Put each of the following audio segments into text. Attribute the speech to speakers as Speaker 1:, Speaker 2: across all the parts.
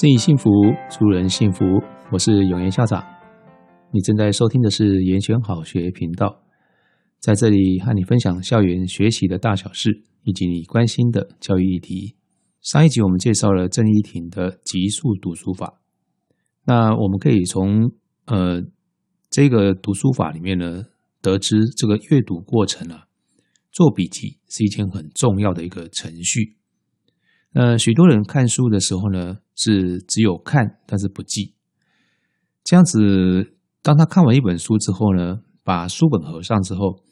Speaker 1: 自己幸福，助人幸福。我是永延校長，你正在收聽的是“延選好學”頻道，在這裡和你分享校園學習的大小事，以及你關心的教育議題。上一集我們介紹了鄭伊廷的極速讀書法，那我們可以從呃這個讀書法裡面呢，得知這個閱讀過程啊，做筆記是一件很重要的一個程序。呃，許多人看書的時候呢，是只有看，但是不記。這樣子，當他看完一本書之後呢，把書本合上之後，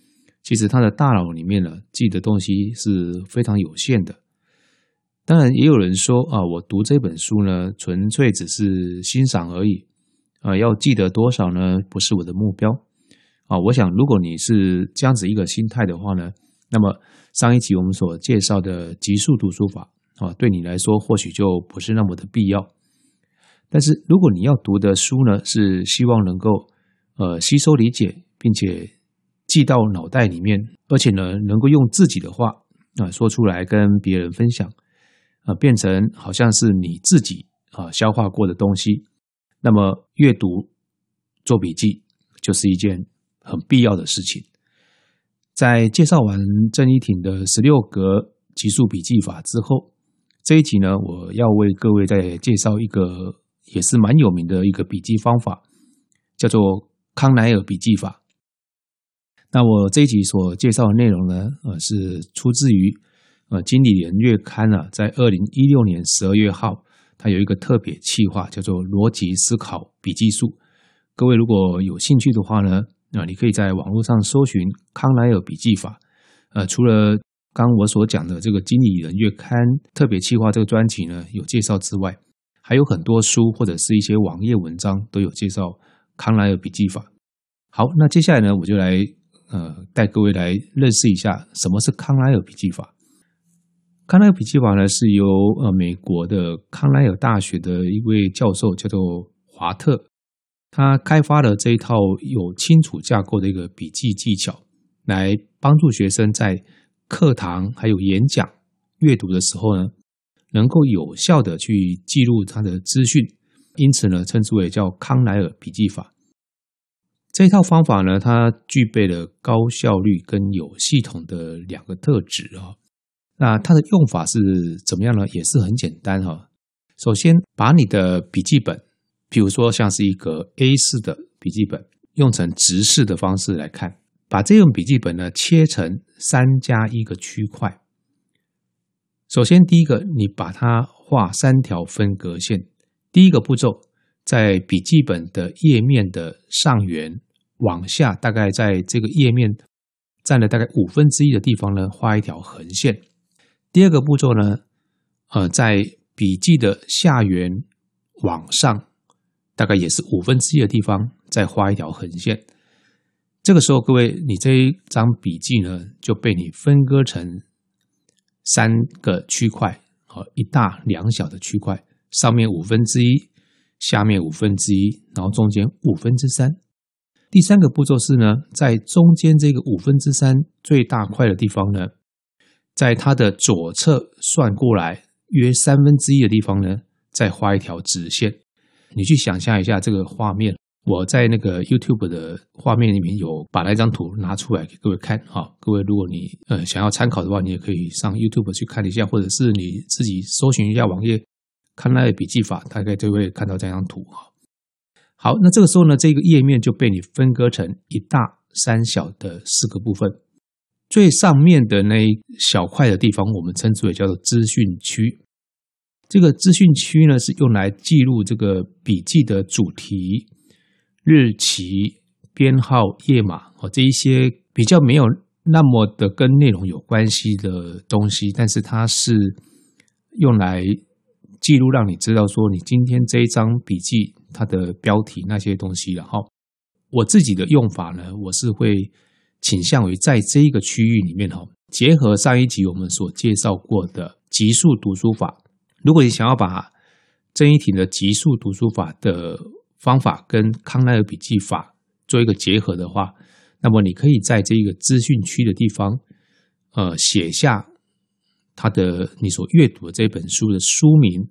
Speaker 1: 其實他的大腦裡面呢，記的東西是非常有限的。當然，也有人說啊，我讀這本書呢，純粹只是欣賞而已，啊，要記得多少呢？不是我的目標。啊，我想，如果你是這樣子一個心態的話呢，那麼上一集我們所介紹的極速讀書法。啊，對你來說或許就不是那麼的必要。但是如果你要讀的書呢，是希望能夠呃吸收理解，並且記到腦袋裡面，而且呢能夠用自己的話啊、呃、說出來跟別人分享，啊、呃、變成好像是你自己啊、呃、消化過的東西，那麼閱讀做筆記就是一件很必要的事情。在介紹完鄭伊廷的十六格極速筆記法之後。這一集呢，我要為各位再介紹一個，也是蠻有名的一個筆記方法，叫做康乃爾筆記法。那我這一集所介紹的內容呢，呃，是出自於呃《經理人月刊》啊，在二零一六年十二月號，它有一個特別企劃，叫做邏輯思考筆記術。各位如果有興趣的話呢，那、呃、你可以在網絡上搜尋康乃爾筆記法。呃，除了剛我所講的這個《經理人月刊》特別企劃這個專輯呢，有介紹之外，還有很多書或者是一些網頁文章都有介紹康乃爾筆記法。好，那接下來呢，我就來呃帶各位來認識一下什麼是康乃爾筆記法。康乃爾筆記法呢，是由呃美國的康乃爾大學的一位教授叫做華特，他開發了這一套有清楚架構的一個筆記技巧，來幫助學生在課堂還有演講、閱讀的時候呢，能夠有效的去記錄他的資訊，因此呢，稱之為叫康乃爾筆記法。這套方法呢，它具備了高效率跟有系統的兩個特質啊、哦。那它的用法是怎麼樣呢？也是很簡單哈、哦。首先，把你的筆記本，比如說像是一個 A4 的筆記本，用成直式的方式來看。把這種筆記本呢，切成三加一個區塊。首先，第一個，你把它畫三條分隔線。第一個步驟，在筆記本的頁面的上緣往下，大概在這個頁面佔了大概五分之一的地方呢，畫一條橫線。第二個步驟呢，呃，在筆記的下緣往上，大概也是五分之一的地方，再畫一條橫線。這個時候，各位，你這一張筆記呢，就被你分割成三個區塊，好，一大兩小的區塊，上面五分之一，下面五分之一，然後中間五分之三。第三個步驟是呢，在中間這個五分之三最大塊的地方呢，在它的左側算過來約三分之一的地方呢，再畫一條直線。你去想象一下這個畫面。我在那個 YouTube 的畫面裡面有把那張圖拿出來給各位看哈，各位如果你呃想要參考的話，你也可以上 YouTube 去看一下，或者是你自己搜尋一下網頁，看那個筆記法，大概就會看到這張圖哈。好，那這個時候呢，這個頁面就被你分割成一大三小的四個部分，最上面的那一小塊的地方，我們稱之為叫做資訊區。這個資訊區呢，是用來記錄這個筆記的主題。日期、編號、頁碼，哈，這一些比較沒有那麼的跟內容有關係的東西，但是它是用來記錄，讓你知道說你今天這一張筆記它的標題那些東西。然後我自己的用法呢，我是會傾向於在這一個區域裡面，哈，結合上一集我們所介紹過的極速讀書法。如果你想要把鄭伊廷的極速讀書法的。方法跟康乃爾筆記法做一個結合的話，那麼你可以在這個資訊區的地方，呃，寫下他的你所閱讀的這本書的書名，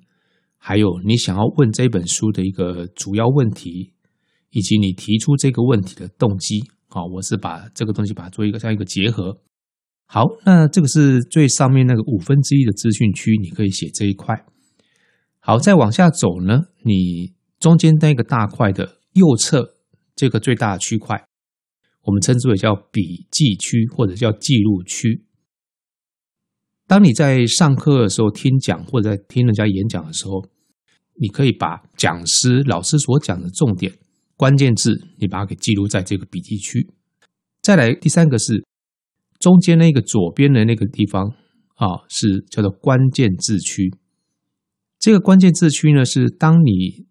Speaker 1: 還有你想要問這本書的一個主要問題，以及你提出這個問題的動機。啊，我是把這個東西把它做一個這樣一個結合。好，那這個是最上面那個五分之一的資訊區，你可以寫這一塊。好，再往下走呢，你。中間那個大塊的右側，這個最大的區塊，我們稱之為叫筆記區或者叫記錄區。當你在上課的時候聽講或者在聽人家演講的時候，你可以把講師老師所講的重點關鍵字，你把它給記錄在這個筆記區。再來第三個是中間那個左邊的那個地方啊，是叫做關鍵字區。這個關鍵字區呢，是當你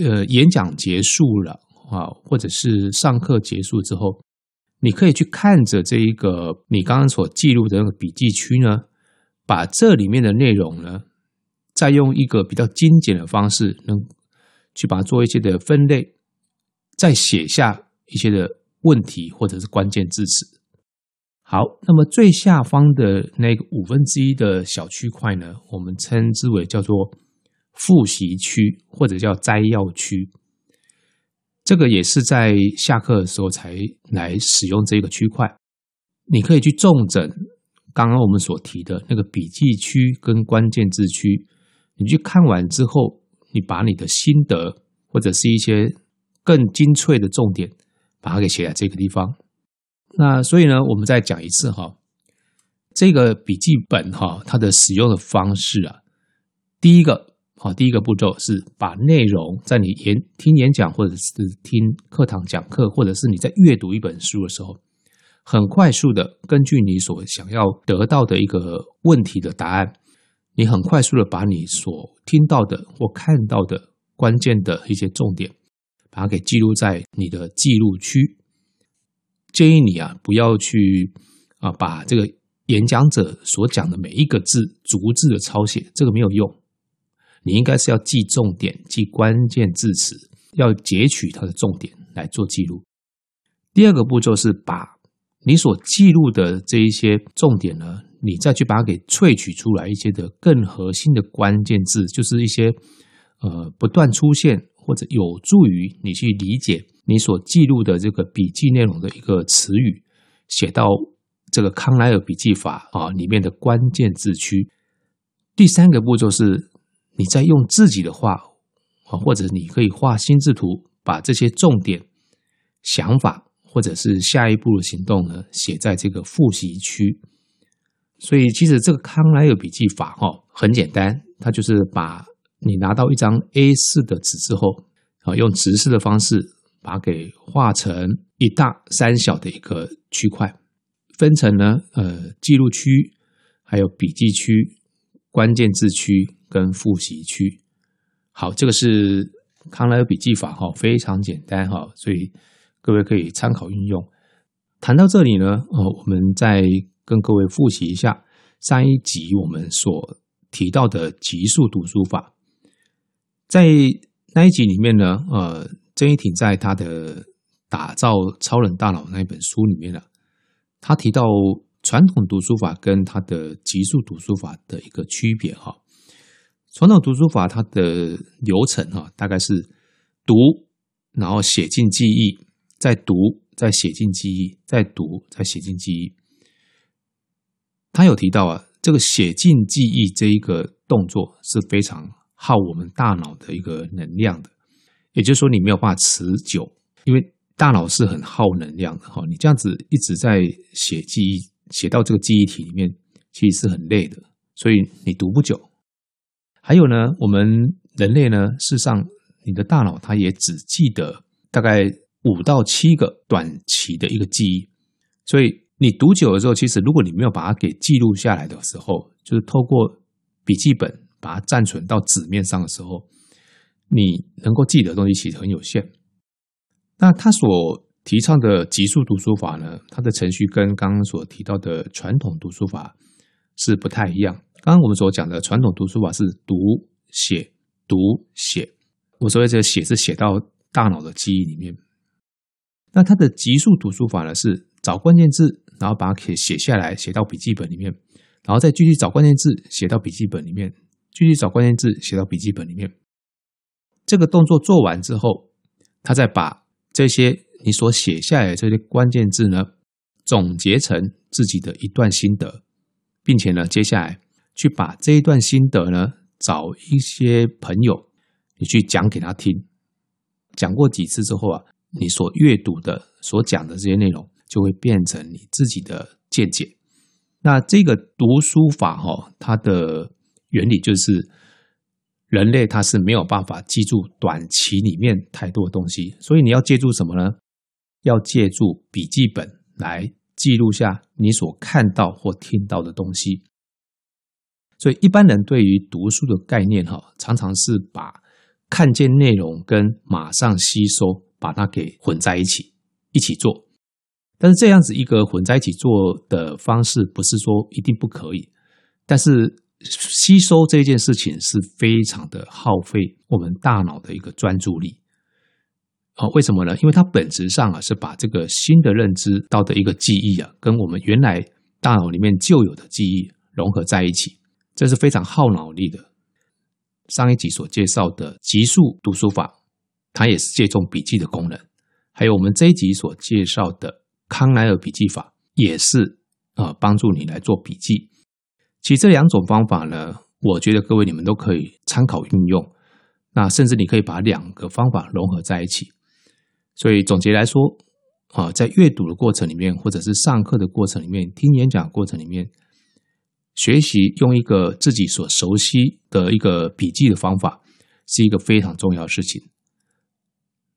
Speaker 1: 呃，演講結束了啊，或者是上課結束之後，你可以去看着這一個你剛剛所記錄的那個筆記區呢，把這裡面的內容呢，再用一個比較精簡的方式，能去把它做一些的分類，再寫下一些的問題或者是關鍵字詞。好，那麼最下方的那個五分之一的小區塊呢，我們稱之為叫做。複習區或者叫摘要區，這個也是在下課的時候才來使用這個區塊。你可以去重整剛剛我們所提的那個筆記區跟關鍵字區。你去看完之後，你把你的心得或者是一些更精粹的重點，把它給寫在這個地方。那所以呢，我們再講一次哈，這個筆記本哈，它的使用的方式啊，第一個。好，第一個步驟是把內容在你言，聽演講，或者是聽課堂講課，或者是你在閱讀一本書的時候，很快速的根據你所想要得到的一個問題的答案，你很快速的把你所聽到的或看到的關鍵的一些重點，把它給記錄在你的記錄區。建議你啊，不要去啊把這個演講者所講的每一個字逐字的抄寫，這個沒有用。你應該是要記重點，記關鍵字詞，要截取它的重點來做記錄。第二個步驟是把，你所記錄的這一些重點呢，你再去把它給萃取出來一些的更核心的關鍵字，就是一些，呃，不斷出現或者有助於你去理解你所記錄的這個筆記內容的一個詞語，寫到這個康乃爾筆記法啊裡面的關鍵字區。第三個步驟是。你在用自己的話啊，或者你可以畫心智圖，把這些重點、想法或者是下一步的行動呢，寫在這個復習區。所以，其實這個康乃爾筆記法哈很簡單，它就是把你拿到一張 A4 的紙之後啊，用直視的方式把它給畫成一大三小的一個區塊，分成呢呃記錄區、還有筆記區、關鍵字區。跟複習區，好，這個是康乃爾筆記法哈，非常簡單哈，所以各位可以參考運用。談到這裡呢，呃，我們再跟各位複習一下上一集我們所提到的極速讀書法。在那一集裡面呢，呃，鄭伊廷在他的打造超人大腦那一本書裡面呢，他提到傳統讀書法跟他的極速讀書法的一個區別哈。傳統讀書法，它的流程哈，大概是讀，然後寫進記憶，再讀，再寫進記憶，再讀，再寫進記憶。他有提到啊，這個寫進記憶這一個動作是非常耗我們大腦的一個能量的。也就是說，你沒有辦法持久，因為大腦是很耗能量的哈。你這樣子一直在寫記憶，寫到這個記憶體裡面，其實是很累的。所以你讀不久。還有呢，我們人類呢，事實上，你的大腦它也只記得大概五到七個短期的一個記憶。所以你讀久了之後，其實如果你沒有把它給記錄下來的時候，就是透過筆記本把它暫存到紙面上的時候，你能夠記得的東西其實很有限。那他所提倡的極速讀書法呢，它的程序跟剛剛所提到的傳統讀書法是不太一樣。剛剛我們所講的傳統讀書法是讀寫讀寫，我所謂這個寫是寫到大腦的記憶裡面。那他的極速讀書法呢，是找關鍵字，然後把它寫寫下來，寫到筆記本裡面，然後再繼續找關鍵字，寫到筆記本裡面，繼續找關鍵字，寫到筆記本裡面。這個動作做完之後，他再把這些你所寫下來的這些關鍵字呢，總結成自己的一段心得，並且呢，接下來。去把這一段心得呢，找一些朋友，你去講給他聽。講過幾次之後啊，你所閱讀的、所講的這些內容，就會變成你自己的見解。那這個讀書法哈、哦，它的原理就是，人類他是沒有辦法記住短期裡面太多的東西，所以你要借助什麼呢？要借助筆記本來記錄下你所看到或聽到的東西。所以一般人對於讀書的概念、啊，哈，常常是把看見內容跟馬上吸收，把它給混在一起一起做。但是這樣子一個混在一起做的方式，不是說一定不可以。但是吸收這件事情是非常的耗費我們大腦的一個專注力。好、哦，為什麼呢？因為它本質上啊，是把這個新的認知到的一個記憶啊，跟我們原來大腦裡面舊有的記憶融合在一起。這、就是非常耗腦力的。上一集所介紹的極速讀書法，它也是借重筆記的功能。還有我們這一集所介紹的康乃爾筆記法，也是啊、呃、幫助你來做筆記。其實這兩種方法呢，我覺得各位你們都可以參考運用。那甚至你可以把兩個方法融合在一起。所以總結來說，啊、呃，在閱讀的過程裡面，或者是上課的過程裡面，聽演講的過程裡面。學習用一個自己所熟悉的一個筆記的方法，是一個非常重要的事情。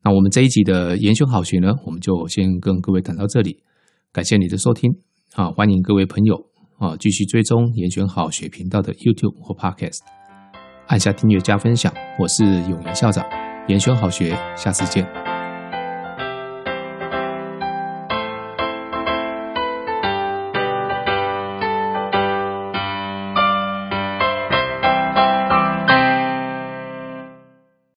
Speaker 1: 那我們這一集的延選好學呢，我們就先跟各位講到這裡。感謝你的收聽，啊，歡迎各位朋友啊繼續追蹤延選好學頻道的 YouTube 或 Podcast，按下訂閱加分享。我是永炎校長，延選好學，下次見。